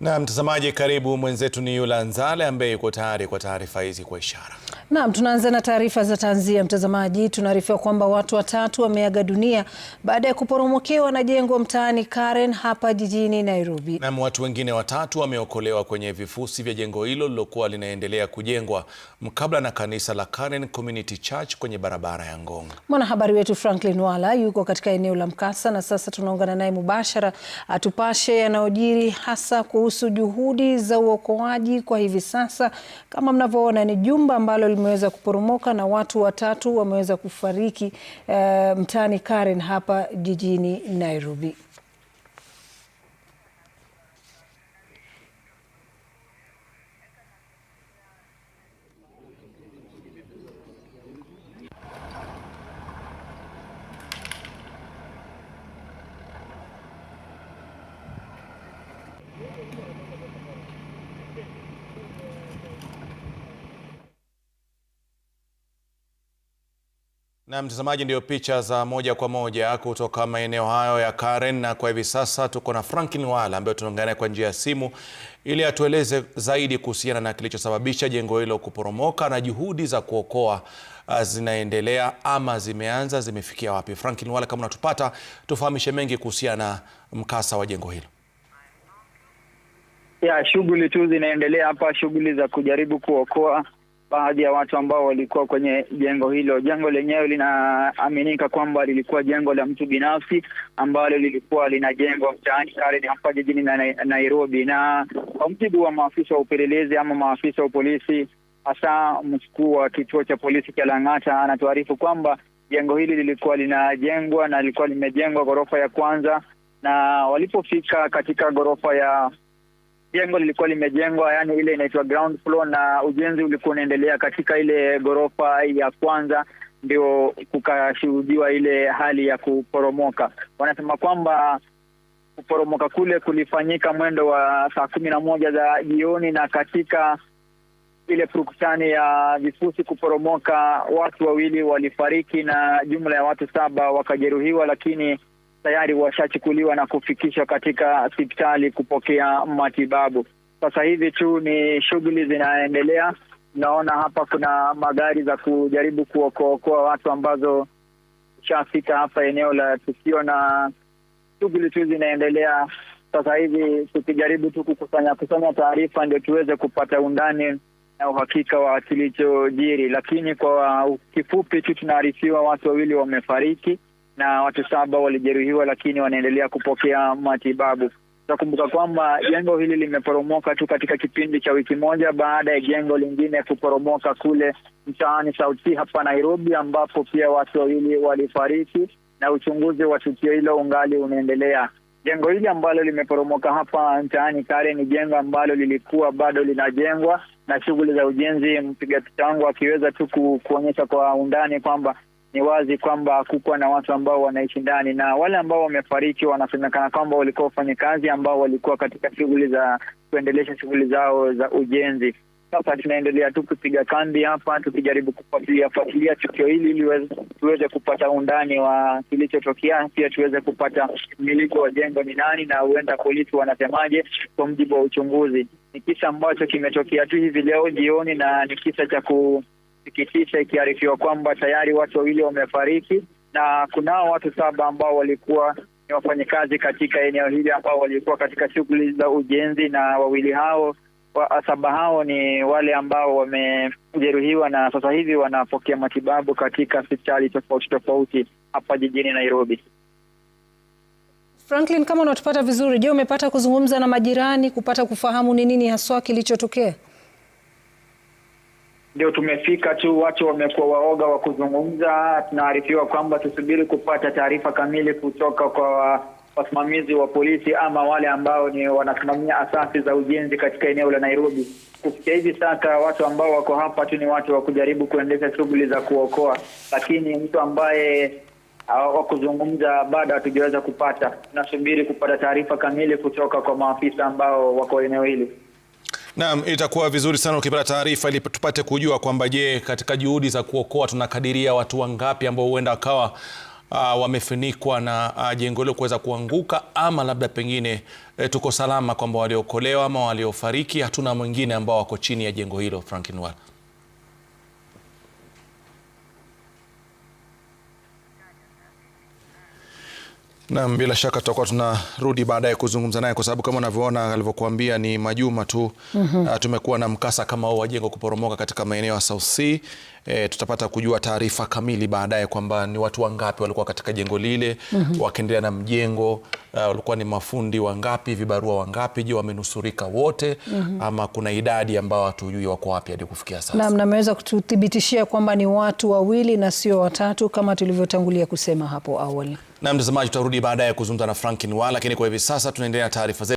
Na mtazamaji, karibu mwenzetu ni Yula Nzale ambaye yuko tayari kwa taarifa hizi kwa ishara. Naam, tunaanza na taarifa za tanzia mtazamaji. Tunaarifiwa kwamba watu watatu wameaga dunia baada ya kuporomokewa na jengo mtaani Karen hapa jijini Nairobi. Naam, watu wengine watatu wameokolewa kwenye vifusi vya jengo hilo lilokuwa linaendelea kujengwa mkabla na kanisa la Karen Community Church kwenye barabara ya Ngong. Mwanahabari wetu Franklin Wala yuko katika eneo la mkasa na sasa tunaungana naye mubashara atupashe yanayojiri hasa kuhusu juhudi za uokoaji kwa hivi sasa. Kama mnavyoona ni jumba ambalo limeweza kuporomoka na watu watatu wameweza kufariki uh, mtaani Karen hapa jijini Nairobi. Na mtazamaji, ndio picha za moja kwa moja kutoka maeneo hayo ya Karen, na kwa hivi sasa tuko na Franklin Wala ambaye tunaongea kwa njia ya simu ili atueleze zaidi kuhusiana na kilichosababisha jengo hilo kuporomoka na juhudi za kuokoa uh, zinaendelea ama zimeanza, zimefikia wapi? Franklin Wala, kama unatupata, tufahamishe mengi kuhusiana na mkasa wa jengo hilo. Ya shughuli tu zinaendelea hapa, shughuli za kujaribu kuokoa baadhi ya watu ambao walikuwa kwenye jengo hilo. Jengo lenyewe linaaminika kwamba lilikuwa jengo la mtu binafsi ambalo lilikuwa linajengwa mtaani Karen hapa jijini na Nairobi, na kwa mujibu wa maafisa wa upelelezi ama maafisa wa polisi, hasa mkuu wa kituo cha polisi cha Lang'ata anatuarifu kwamba jengo hili lilikuwa linajengwa na lilikuwa limejengwa ghorofa ya kwanza, na walipofika katika ghorofa ya jengo lilikuwa limejengwa, yani ile inaitwa ground floor, na ujenzi ulikuwa unaendelea katika ile ghorofa ya kwanza, ndio kukashuhudiwa ile hali ya kuporomoka. Wanasema kwamba kuporomoka kule kulifanyika mwendo wa saa kumi na moja za jioni, na katika ile purukushani ya vifusi kuporomoka, watu wawili walifariki na jumla ya watu saba wakajeruhiwa, lakini tayari washachukuliwa na kufikishwa katika hospitali kupokea matibabu. Sasa hivi tu ni shughuli zinaendelea. Naona hapa kuna magari za kujaribu kuokookoa watu ambazo shafika hapa eneo la tukio, na shughuli tu zinaendelea sasa hivi, tukijaribu tu kukusanya kusanya taarifa ndio tuweze kupata undani na uhakika wa kilichojiri, lakini kwa kifupi tu tunaarifiwa watu wawili wamefariki na watu saba walijeruhiwa, lakini wanaendelea kupokea matibabu. Tutakumbuka kwamba jengo hili limeporomoka tu katika kipindi cha wiki moja baada ya jengo lingine kuporomoka kule mtaani sauti hapa Nairobi, ambapo pia watu wawili walifariki na uchunguzi wa tukio hilo ungali unaendelea. Jengo hili ambalo limeporomoka hapa mtaani kare ni jengo ambalo lilikuwa bado linajengwa na shughuli za ujenzi, mpiga picha wangu akiweza tu kuonyesha kwa undani kwamba ni wazi kwamba kukuwa na watu ambao wanaishi ndani, na wale ambao wamefariki wanasemekana kwamba walikuwa wafanyakazi ambao walikuwa katika shughuli za kuendelesha shughuli zao za ujenzi. Sasa tunaendelea tu kupiga kambi hapa tukijaribu kufuatilia tukio hili ili tuweze kupata undani wa kilichotokea, pia tuweze kupata mmiliki wa jengo ni nani na huenda polisi wanasemaje kwa mjibu wa uchunguzi. Ni kisa ambacho kimetokea tu hivi leo jioni na ni kisa cha ku kusikitisha ikiarifiwa kwamba tayari watu wawili wamefariki na kunao watu saba ambao walikuwa ni wafanyakazi katika eneo hili ambao walikuwa katika shughuli za ujenzi, na wawili hao wa saba hao ni wale ambao wamejeruhiwa na sasa hivi wanapokea matibabu katika hospitali tofauti tofauti hapa jijini Nairobi. Franklin, kama unatupata vizuri, je, umepata kuzungumza na majirani kupata kufahamu ni nini haswa kilichotokea? ndio tumefika tu, watu wamekuwa waoga wa kuzungumza. Tunaarifiwa kwamba tusubiri kupata taarifa kamili kutoka kwa wasimamizi wa polisi ama wale ambao ni wanasimamia asasi za ujenzi katika eneo la Nairobi. Kufikia hivi sasa, watu ambao wako hapa tu ni watu wa kujaribu kuendesha shughuli za kuokoa, lakini mtu ambaye wa kuzungumza bado hatujaweza kupata. Tunasubiri kupata taarifa kamili kutoka kwa maafisa ambao wako eneo hili. Naam, itakuwa vizuri sana ukipata taarifa ili tupate kujua kwamba je, katika juhudi za kuokoa tunakadiria watu wangapi ambao huenda wakawa uh, ah, wamefunikwa na uh, jengo hilo kuweza kuanguka ama labda pengine eh, tuko salama kwamba waliokolewa ama waliofariki hatuna mwingine ambao wako chini ya jengo hilo Frank Nwala. Naam, bila shaka tutakuwa tunarudi baadaye kuzungumza naye kwa sababu kama unavyoona alivyokuambia ni majuma tu mm -hmm. Tumekuwa na mkasa kama huo wa jengo kuporomoka katika maeneo ya South C. E, tutapata kujua taarifa kamili baadaye kwamba ni watu wangapi walikuwa katika jengo lile mm -hmm. wakiendelea na mjengo ah, walikuwa ni mafundi wangapi, vibarua wangapi? Je, wamenusurika wote mm -hmm. ama kuna idadi ambao hatujui wako wapi hadi kufikia sasa? Naam, nameweza kututhibitishia kwamba ni watu wawili na sio watatu kama tulivyotangulia kusema hapo awali. Na mtazamaji, tutarudi baadaye kuzungumza na Frank Nwala, lakini kwa hivi sasa tunaendelea na taarifa zetu.